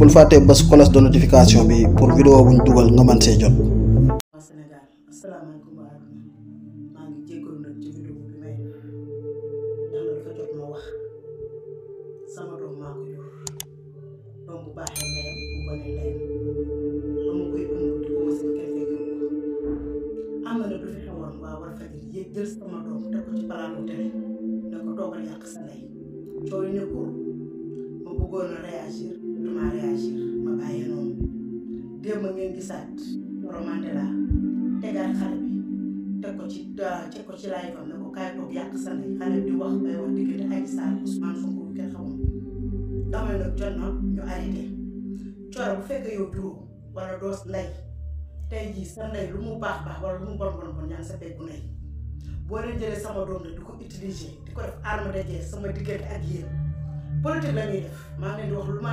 bul fàttee bés cloche de notification bi pour vidéo buñ dugal nga mën see jot. sama doom maa ko yor doom bu baaxee ndeyam ko jël sama doom teg ko ci palaanu tere ne ko toogal yàq a réagir duma réagir ma bàyyee noonu démb ngeen gisaat Mandela tegaat xale bi teg ko ci euh, teg ko ci laay fam ne ko kaay toog yàq sa ndey xale bi di wax bay wax diggante Adji Sarr sa ndey lu mu baax baax wala lu mu bon bon bon ñaan sa peggu ndey boo leen jëlee sama doom ne di ko utiliser di ko def arme de guerre sama diggante ak yéen politique la def maa di wax lu ma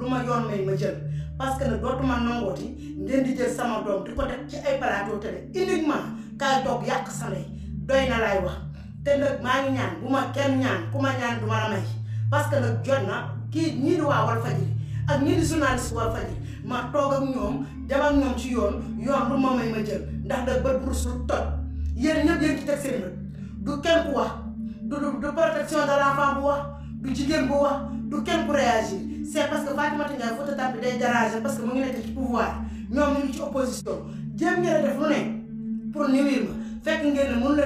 lu ma yoon may ma jël parce que nag dootuma nangooti ngeen di jël sama doom di ci ay plateau télé uniquement kaay na laay wax te nag maa ngi ñaan bu ma kenn ñaan ku ma ñaan du ma la may que nag jot na kii ñii di waa Walfadjri ak ñii di journaliste Walfadjri ma toog ak ñoom dem ñoom ci yoon yoon lu ma may ma jël ndax nag bët bu rusul toj yéen ñëpp yéen ci teg seen bët du kenn wax du du protection de l'enfant bu wax du jigéen bu wax du kenn ku réagir. c' est parce que Fatimata Ndiaye Fouta Tampi day déranger parce que mu ngi nekk ci pouvoir ñoom ñu ngi ci opposition jéem ngeen ne pour ne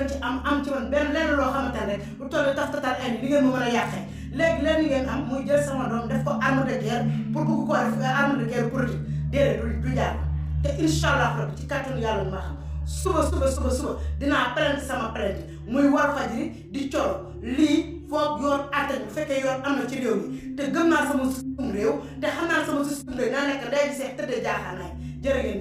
ci am am ci man benn lenn loo xamante ne rek lu toll taf tatal indi li ngeen ma mën a yàqee léegi leen ngeen am muy jël sama doom def ko arme de guerre pour bugg ko def arme de guerre politique déedéet du du jàll te incha allah rabbi ci kàttanu yàlla ma suba suba suba suba dinaa plainte sama plainte muy Walfadjri di coro lii foog yoon àtte bu fekkee yoon am na ci réew mi te gën naa sama suum réew te xam naa sama suum réew naa nekk ndey ji seex tëddee jaaxaanaay jërë ngeen